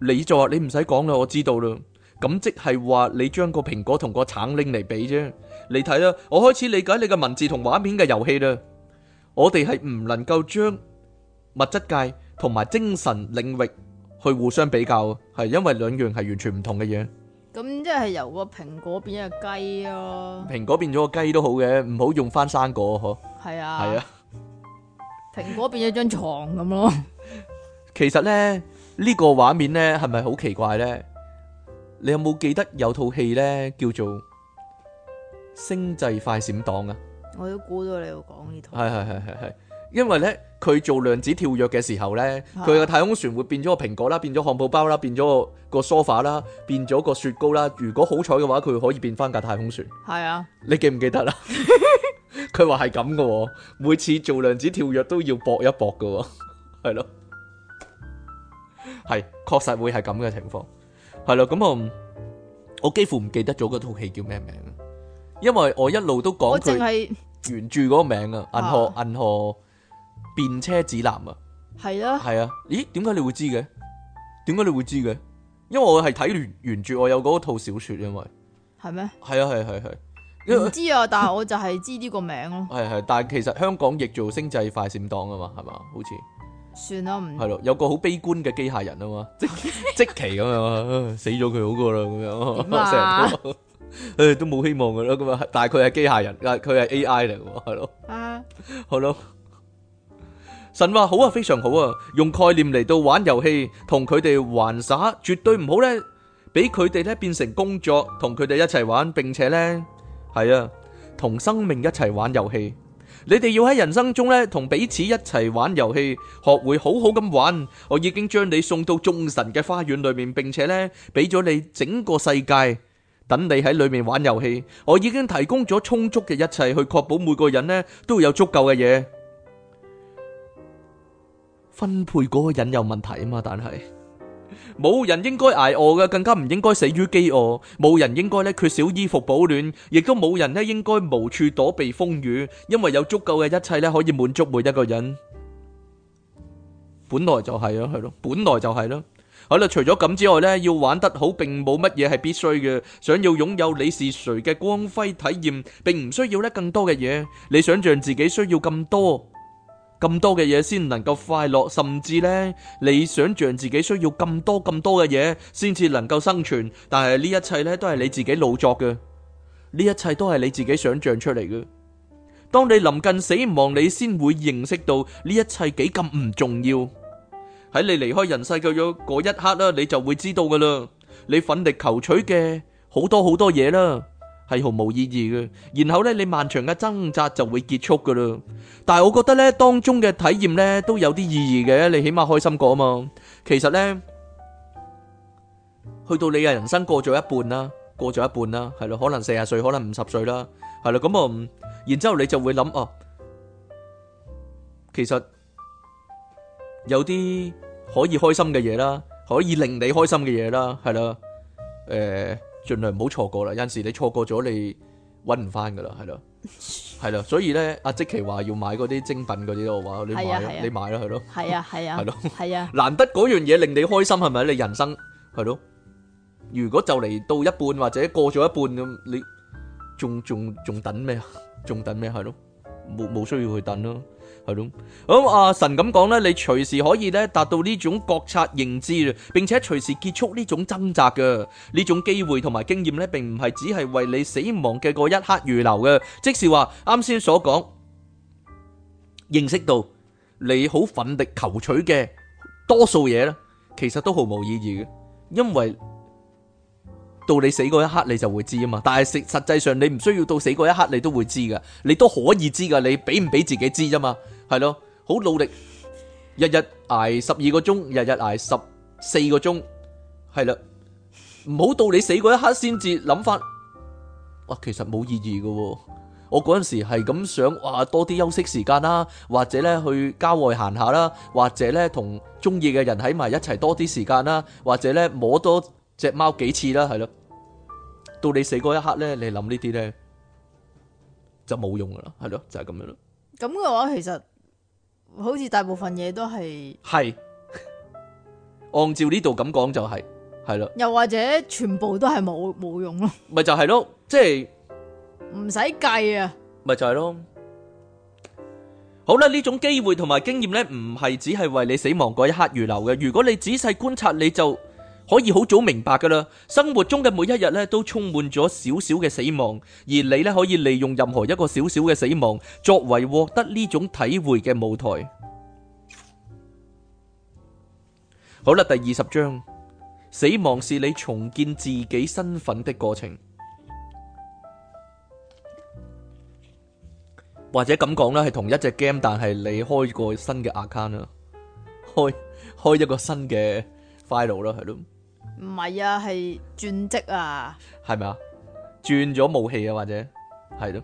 你就話你唔使講啦，我知道啦。咁即係話你將個蘋果同個橙拎嚟比啫。你睇啦，我開始理解你嘅文字同畫面嘅遊戲啦。我哋係唔能夠將物質界同埋精神領域去互相比較，係因為兩樣係完全唔同嘅嘢。咁即係由個蘋果變咗個雞咯，蘋果變咗個雞都好嘅，唔好用翻生果嗬。係啊，係啊，蘋果變咗張床咁咯。其實咧呢個畫面咧係咪好奇怪咧？你有冇記得有套戲咧叫做《星際快閃黨》啊？我都估到你會講呢套。係係係係係。因為咧，佢做量子跳躍嘅時候咧，佢嘅太空船會變咗個蘋果啦，變咗漢堡包啦，變咗個個 sofa 啦，變咗個雪糕啦。如果好彩嘅話，佢可以變翻架太空船。係啊，你記唔記得啦？佢話係咁嘅，每次做量子跳躍都要搏一搏喎。係咯，係確 實會係咁嘅情況。係啦咁啊，我幾乎唔記得咗個套戲叫咩名，因為我一路都講佢係原著嗰個名啊，《銀河銀河》銀河。便車指南啊，係是啊，係啊，咦，點解你會知嘅？點解你會知嘅？因為我係睇完原著，我有嗰套小說，因為係咩？係啊，係係係，唔知啊，但係我就係知呢個名咯。係係，但係其實香港亦做星際快閃黨啊嘛，係嘛？好似算啦，唔係咯，有個好悲觀嘅機械人啊嘛，Okay 即即期咁 樣，樣啊，死咗佢好過啦，咁樣嘛，誒，都冇希望噶咯，咁啊，但係佢係機械人，佢係 AI 嚟嘅。係咯，啊，好咯、啊。 神話好啊，非常好啊，用概念嚟到玩遊戲，同佢哋玩耍，絕對唔好呢，俾佢哋呢，變成工作，同佢哋一齊玩，並且呢係啊，同生命一齊玩遊戲。你哋要喺人生中呢同彼此一齊玩遊戲，學會好好咁玩。我已經將你送到眾神嘅花園裏面，並且呢俾咗你整個世界，等你喺裏面玩遊戲。我已經提供咗充足嘅一切去確保每個人呢都有足夠嘅嘢。分配嗰個人有問題啊嘛，但係冇人應該挨餓嘅，更加唔應該死於飢餓。冇人應該咧缺少衣服保暖，亦都冇人咧應該無處躲避風雨，因為有足夠嘅一切咧可以滿足每一個人。本來就係啊，係咯，本來就係咯。好啦，除咗咁之外咧，要玩得好並冇乜嘢係必須嘅。想要擁有你是誰嘅光輝體驗，並唔需要咧更多嘅嘢。你想象自己需要咁多。咁多嘅嘢，先能夠快樂，甚至呢，你想象自己需要咁多咁多嘅嘢，先至能夠生存。但係呢一切呢，都係你自己老作嘅，呢一切都係你自己想象出嚟嘅。當你臨近死亡，你先會認識到呢一切幾咁唔重要。喺你離開人世嘅嗰一刻啦、啊，你就會知道噶啦，你奮力求取嘅好多好多嘢啦，係毫無意義嘅，然後咧你漫長嘅掙扎就會結束噶啦。但係我覺得咧當中嘅體驗咧都有啲意義嘅，你起碼開心過啊嘛。其實咧，去到你嘅人生過咗一半啦，過咗一半啦，係咯，可能四十歲，可能五十歲啦，係啦，咁啊，然之後你就會諗啊，其實有啲可以開心嘅嘢啦，可以令你開心嘅嘢啦，係啦，誒。盡量唔好錯過啦，有陣時你錯過咗，你搵唔翻噶啦，係咯，係咯，所以咧，阿即奇話要買嗰啲精品嗰啲，嘅話你買，你買啦，係咯，係啊，係啊，係咯，係啊，難得嗰樣嘢令你開心係咪？你人生係咯，如果就嚟到一半或者過咗一半咁，你仲仲仲等咩啊？仲等咩？係咯，冇冇需要去等咯。咁阿、嗯啊、神咁講呢，你隨時可以呢達到呢種覺察認知，並且隨時結束呢種掙扎嘅呢種機會同埋經驗呢，並唔係只係為你死亡嘅嗰一刻預留嘅。即是話啱先所講，認識到你好奮力求取嘅多數嘢呢，其實都毫無意義嘅，因為到你死嗰一刻你就會知啊嘛。但係實、實際上你唔需要到死嗰一刻你都會知噶，你都可以知噶，你俾唔俾自己知啫嘛。係咯，好努力，日日挨十二個鐘，日日挨十四個鐘，係啦，唔好到你死嗰一刻先至諗返。哇，其實冇意義噶，我嗰陣時係咁想，哇，多啲休息時間啦，或者咧去郊外行下啦，或者咧同中意嘅人喺埋一齊多啲時間啦，或者咧摸多隻貓幾次啦，係咯。到你死嗰一刻咧，你諗呢啲咧就冇用噶啦，係咯，就係咁樣咯。咁嘅話，其實。好似大部分嘢都係係，按照呢度咁講就係係咯，又或者全部都係冇冇用咯，咪就係咯，即係唔使計啊，咪就係咯，好啦，呢種機會同埋經驗咧，唔係只係為你死亡嗰一刻預留嘅，如果你仔細觀察，你就。可以好早明白噶啦，生活中嘅每一日咧都充滿咗少少嘅死亡，而你咧可以利用任何一個少少嘅死亡，作為獲得呢種體會嘅舞台。好啦，第二十章，死亡是你重建自己身份的過程，或者咁講啦，係同一隻 game，但係你開個新嘅 account 啦，開開一個新嘅 file 啦，係咯。唔係啊，係轉職啊，係咪啊？轉咗武器啊，或者係咯？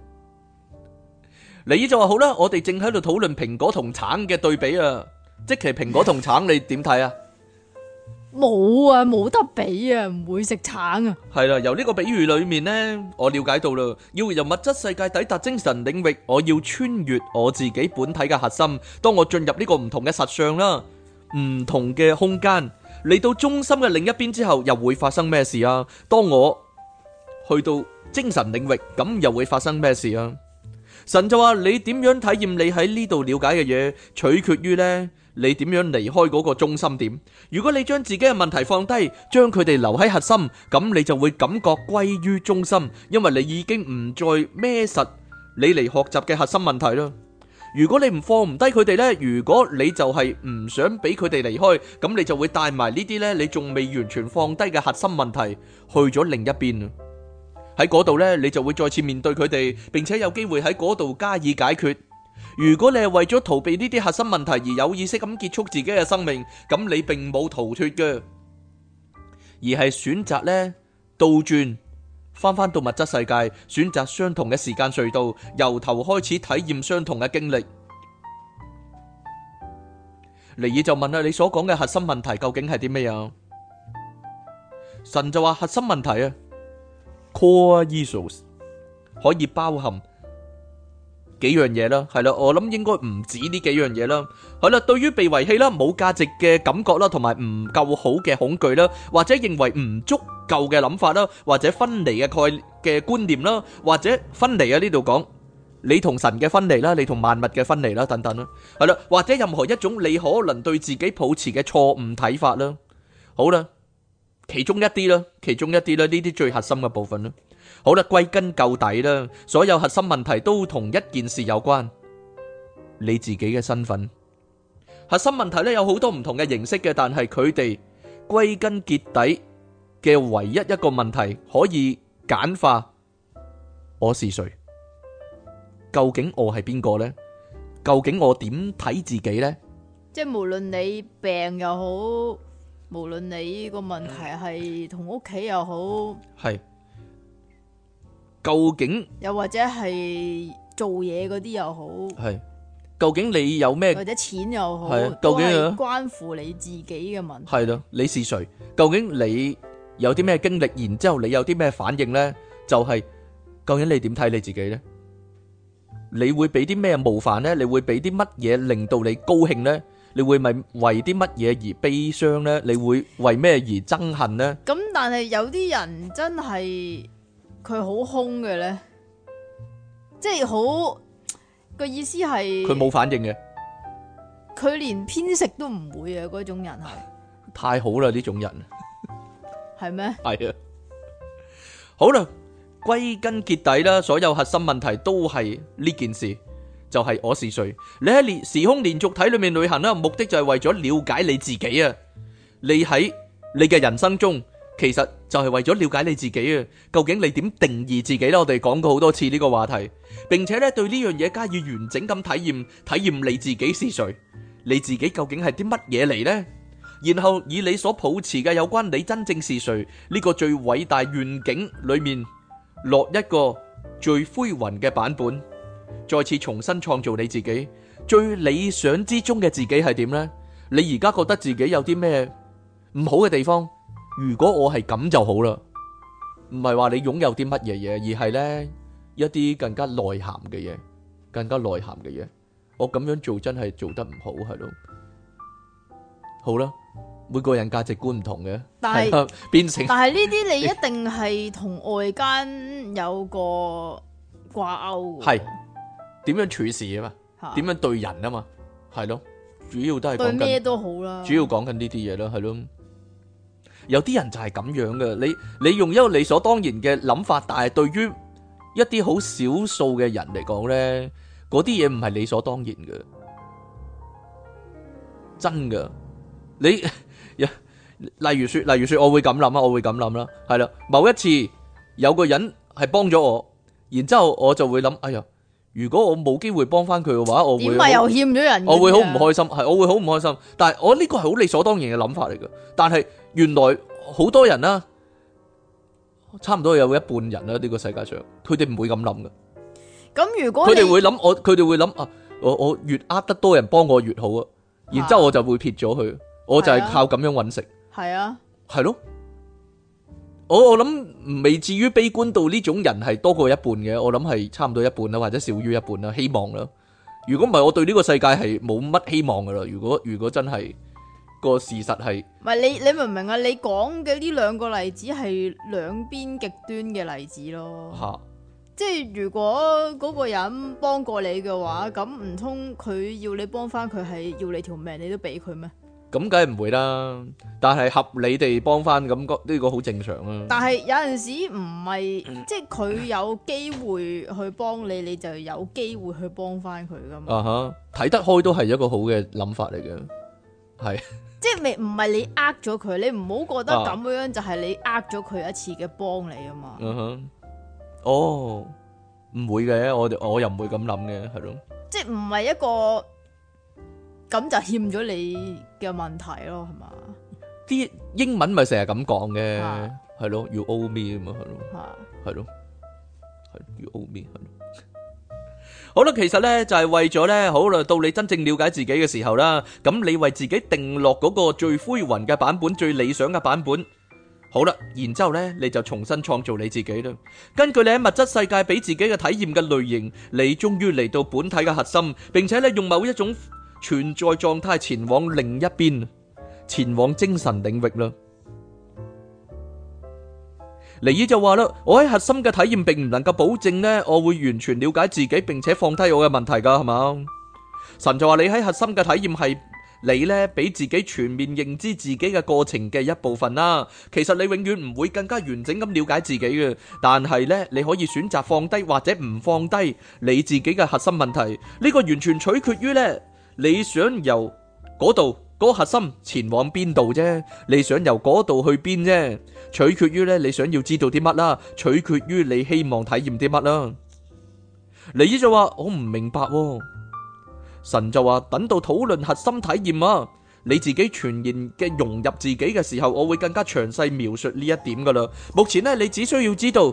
你就話好啦，我哋正喺度討論蘋果同橙嘅對比啊。即係蘋果同橙，你點睇啊？冇啊，冇得比啊，唔會食橙啊。係啦，由呢個比喻裏面呢，我了解到啦，要由物質世界抵達精神領域，我要穿越我自己本體嘅核心。當我進入呢個唔同嘅實相啦，唔同嘅空間。嚟到中心嘅另一邊之後，又會發生咩事啊？當我去到精神領域，咁又會發生咩事啊？神就話：你點樣體驗你喺呢度了解嘅嘢，取決於呢，你點樣離開嗰個中心點。如果你將自己嘅問題放低，將佢哋留喺核心，咁你就會感覺歸於中心，因為你已經唔再孭實你嚟學習嘅核心問題啦。如果你唔放唔低佢哋呢，如果你就係唔想俾佢哋離開，咁你就會帶埋呢啲呢，你仲未完全放低嘅核心問題去咗另一邊。喺嗰度呢，你就會再次面對佢哋，並且有機會喺嗰度加以解決。如果你係爲咗逃避呢啲核心問題而有意識咁結束自己嘅生命，咁你並冇逃脫嘅，而係選擇呢倒轉。翻返到物質世界，選擇相同嘅時間隧道，由頭開始體驗相同嘅經歷。尼爾就問啦：你所講嘅核心問題究竟係啲咩啊？神就話：核心問題啊，core issues 可以包含。幾樣嘢啦，係啦，我諗應該唔止呢幾樣嘢啦，係啦，對於被遺棄啦、冇價值嘅感覺啦，同埋唔夠好嘅恐懼啦，或者認為唔足夠嘅諗法啦，或者分離嘅概嘅觀念啦，或者分離啊，呢度講你同神嘅分離啦，你同萬物嘅分離啦，等等啦，係啦，或者任何一種你可能對自己抱持嘅錯誤睇法啦，好啦，其中一啲啦，其中一啲啦，呢啲最核心嘅部分啦。好啦，歸根究底啦，所有核心問題都同一件事有關，你自己嘅身份。核心問題咧有好多唔同嘅形式嘅，但係佢哋歸根結底嘅唯一一個問題可以簡化，我是誰？究竟我係邊個呢？究竟我點睇自己呢？即係無論你病又好，無論你個問題係同屋企又好，係。究竟，又或者係做嘢嗰啲又好，係究竟你有咩或者錢又好，係究竟係關乎你自己嘅問題，係咯？你是誰？究竟你有啲咩經歷？然之後你有啲咩反應呢？就係究竟你點睇你自己呢？你會俾啲咩冒犯呢？你會俾啲乜嘢令到你高興呢？你會咪為啲乜嘢而悲傷呢？你會為咩而憎恨呢？咁但係有啲人真係。佢好空嘅咧，即係好個意思係佢冇反應嘅，佢連偏食都唔會啊！嗰種人係太好啦！呢種人係咩？係啊，好啦，歸根結底啦，所有核心問題都係呢件事，就係我是誰。你喺連時空連續體裏面旅行啦，目的就係為咗了解你自己啊！你喺你嘅人生中。其實就係為咗了解你自己啊，究竟你點定義自己呢？我哋講過好多次呢個話題，並且咧對呢樣嘢加以完整咁體驗，體驗你自己是誰，你自己究竟係啲乜嘢嚟呢？然後以你所抱持嘅有關你真正是誰呢個最偉大願景裏面，落一個最灰雲嘅版本，再次重新創造你自己最理想之中嘅自己係點呢？你而家覺得自己有啲咩唔好嘅地方？如果我係咁就好啦，唔係話你擁有啲乜嘢嘢，而係咧一啲更加內涵嘅嘢，更加內涵嘅嘢。我咁樣做真係做得唔好，係咯，好啦，每個人價值觀唔同嘅，但係變成。但係呢啲你一定係同外間有個掛鈎，係點樣處事啊嘛，點樣對人啊嘛，係咯，主要都係講咩都好啦，主要講緊呢啲嘢啦，係咯。有啲人就係咁樣嘅，你你用一個理所當然嘅諗法，但係對於一啲好少數嘅人嚟講咧，嗰啲嘢唔係理所當然嘅，真㗎。你，例如說，例如說我這樣想，我會咁諗啊，我會咁諗啦，係啦。某一次有個人係幫咗我，然之後我就會諗，哎呀，如果我冇機會幫翻佢嘅話，我會，又欠咗人我，我會好唔開心，係，我會好唔開心。但係我呢個係好理所當然嘅諗法嚟嘅，但係。原來好多人啦，差唔多有一半人啦，呢個世界上，佢哋唔會咁諗嘅。咁如果佢哋會諗，我佢哋會諗啊，我我越呃得多人幫我越好啊，然之後我就會撇咗佢哇，我就係靠咁樣揾食。係啊，係咯。我我諗未至於悲觀到呢種人係多過一半嘅，我諗係差唔多一半啦，或者少於一半啦，希望啦。如果唔係，我對呢個世界係冇乜希望噶啦。如果如果真係。個事實係唔係，你你明唔明啊？你講嘅呢兩個例子係兩邊極端嘅例子咯。吓、啊，即係如果嗰個人幫過你嘅話，咁唔通佢要你幫翻佢係要你條命，你都俾佢咩？咁梗係唔會啦。但係合理地幫翻，咁、覺個呢個好正常啊。但係有陣時唔係，即係佢有機會去幫你，你就有機會去幫翻佢噶嘛。啊哈，睇得開都係一個好嘅諗法嚟嘅，係。即係未唔係你呃咗佢，你唔好覺得咁樣樣就係你呃咗佢一次嘅幫你啊嘛。嗯哼，哦，唔會嘅，我我我又唔會咁諗嘅，係咯。即係唔係一個咁就欠咗你嘅問題咯，係嘛？啲英文咪成日咁講嘅，係咯，you owe me 啊嘛，係咯，係咯，係 you owe me，係咯。好啦，其實呢就係為咗呢。好啦，到你真正了解自己嘅時候啦，咁你為自己定落嗰個最灰云嘅版本，最理想嘅版本。好啦，然之後呢你就重新創造你自己啦。根據你喺物質世界俾自己嘅體驗嘅類型，你終於嚟到本體嘅核心，並且呢用某一種存在狀態前往另一邊，前往精神領域啦。尼爾就話啦，我喺核心嘅體驗並唔能夠保證呢，我會完全了解自己，並且放低我嘅問題噶，係咪？神就話，你喺核心嘅體驗係你呢，俾自己全面認知自己嘅過程嘅一部分啦。其實你永遠唔會更加完整咁了解自己嘅，但係呢，你可以選擇放低或者唔放低你自己嘅核心問題。呢個完全取決於呢，你想由嗰度個核心前往邊度啫？你想由嗰度去邊啫？取決於咧，你想要知道啲乜啦？取決於你希望體驗啲乜啦？你呢就話我唔明白，神就話等到討論核心體驗啊，你自己全然嘅融入自己嘅時候，我會更加詳細描述呢一點噶啦。目前呢，你只需要知道，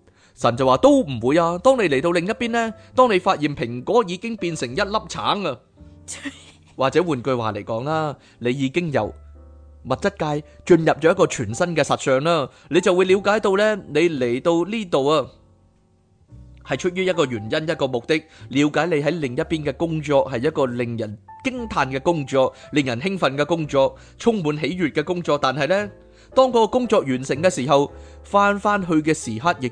神就話都唔會啊。當你嚟到另一邊呢，當你發現蘋果已經變成一粒橙啊，或者換句話嚟講啦，你已經由物質界進入咗一個全新嘅實相啦。你就會了解到呢，你嚟到呢度啊，係出於一個原因一個目的。了解你喺另一邊嘅工作係一個令人驚嘆嘅工作，令人興奮嘅工作，充滿喜悅嘅工作。但係呢，當個工作完成嘅時候，翻翻去嘅時刻亦。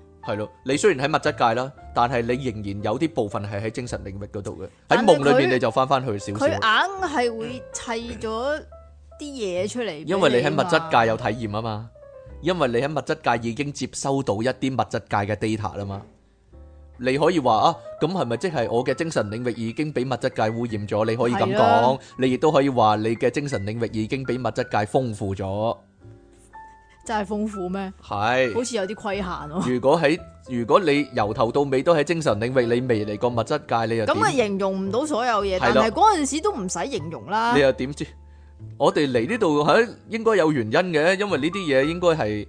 係咯，你雖然喺物質界啦，但係你仍然有啲部分係喺精神領域嗰度嘅。喺夢裏面，你就翻翻去少少。佢硬係會砌咗啲嘢出嚟。因為你喺物質界有體驗啊嘛，因為你喺物質界已經接收到一啲物質界嘅 data 啦嘛。你可以話啊，咁係咪即係我嘅精神領域已經俾物質界污染咗？你可以咁講。的你亦都可以話，你嘅精神領域已經俾物質界豐富咗。真係豐富咩？係，好似有啲規限咯。如果喺如果你由頭到尾都喺精神領域，你未嚟過物質界，你又咁啊，形容唔到所有嘢。係啦，但係嗰陣時都唔使形容啦。你又點知？我哋嚟呢度係應該有原因嘅，因為呢啲嘢應該係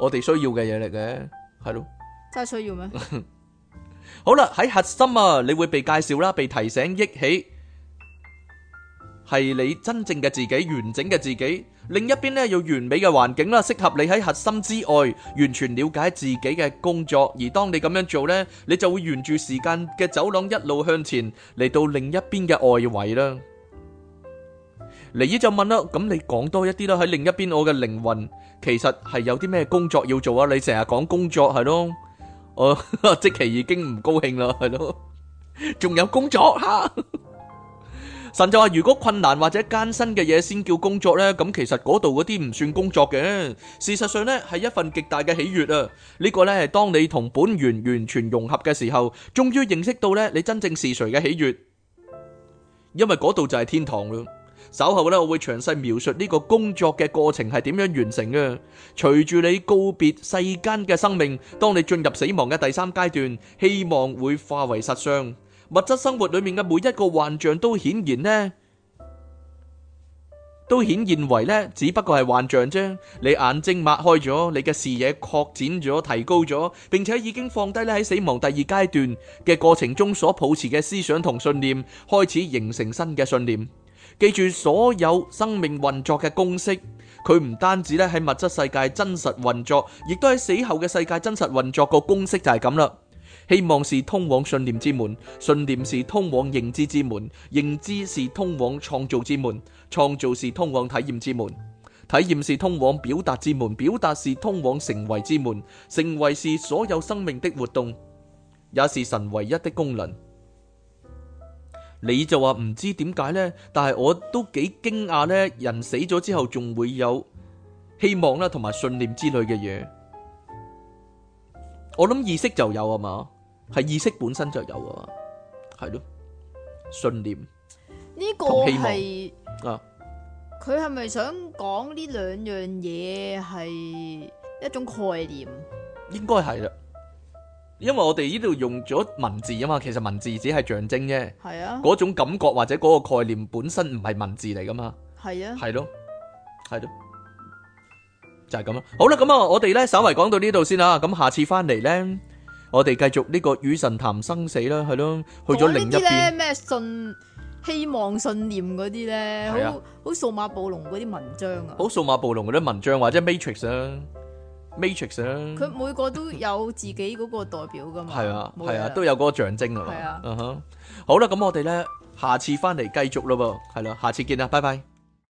我哋需要嘅嘢嚟嘅，係咯。真係需要咩？好啦，喺核心啊，你會被介紹啦，被提醒憶起。係你真正嘅自己，完整嘅自己。另一邊呢，有完美嘅環境啦，適合你喺核心之外完全了解自己嘅工作。而當你咁樣做呢，你就會沿住時間嘅走廊一路向前嚟到另一邊嘅外圍啦。黎姨就問啦：咁你講多一啲啦，喺另一邊我嘅靈魂其實係有啲咩工作要做啊？你成日講工作係咯，我即期已經唔高興啦，係咯，仲有工作吓。神就話：如果困難或者艱辛嘅嘢先叫工作呢，咁其實嗰度嗰啲唔算工作嘅。事實上呢，係一份極大嘅喜悅啊！呢個呢，係，當你同本源完全融合嘅時候，終於認識到呢，你真正是誰嘅喜悅。因為嗰度就係天堂啦。稍後呢，我會詳細描述呢個工作嘅過程係點樣完成嘅。隨住你告別世間嘅生命，當你進入死亡嘅第三階段，希望會化為實相。物質生活裏面嘅每一個幻象都顯然呢，都顯現為呢，只不過係幻象啫。你眼睛擘開咗，你嘅視野擴展咗，提高咗，並且已經放低咧喺死亡第二階段嘅過程中所抱持嘅思想同信念，開始形成新嘅信念。記住所有生命運作嘅公式，佢唔單止咧喺物質世界真實運作，亦都喺死後嘅世界真實運作個公式就係咁啦。希望是通往信念之門，信念是通往認知之門，認知是通往創造之門，創造是通往體驗之門，體驗是通往表達之門，表達是通往成為之門，成為是所有生命的活動，也是神唯一的功能。你就話唔知點解呢？但係我都幾驚訝呢：人死咗之後仲會有希望啦，同埋信念之類嘅嘢。我諗意識就有啊嘛。係意識本身就有啊，係咯，信念呢個係啊，佢係咪想講呢兩樣嘢係一種概念？應該係啦，因為我哋呢度用咗文字啊嘛，其實文字只係象徵啫，係啊，嗰種感覺或者嗰個概念本身唔係文字嚟噶嘛，係啊，係咯，係咯，就係咁啦。好啦，咁啊，我哋咧稍微講到呢度先啦，咁下次翻嚟咧。我哋繼續呢個與神談生死啦，係咯，去咗另一邊。咩信希望信念嗰啲咧，好好、啊、數碼暴龍嗰啲文章啊，好數碼暴龍嗰啲文章或者 Matrix 啊，Matrix 啊，佢每個都有自己嗰個代表噶嘛，係 啊係啊，都有嗰個象徵啊嘛，啊嗯哼，好啦，咁我哋咧下次翻嚟繼續咯噃，係啦、啊、下次見啦，拜拜。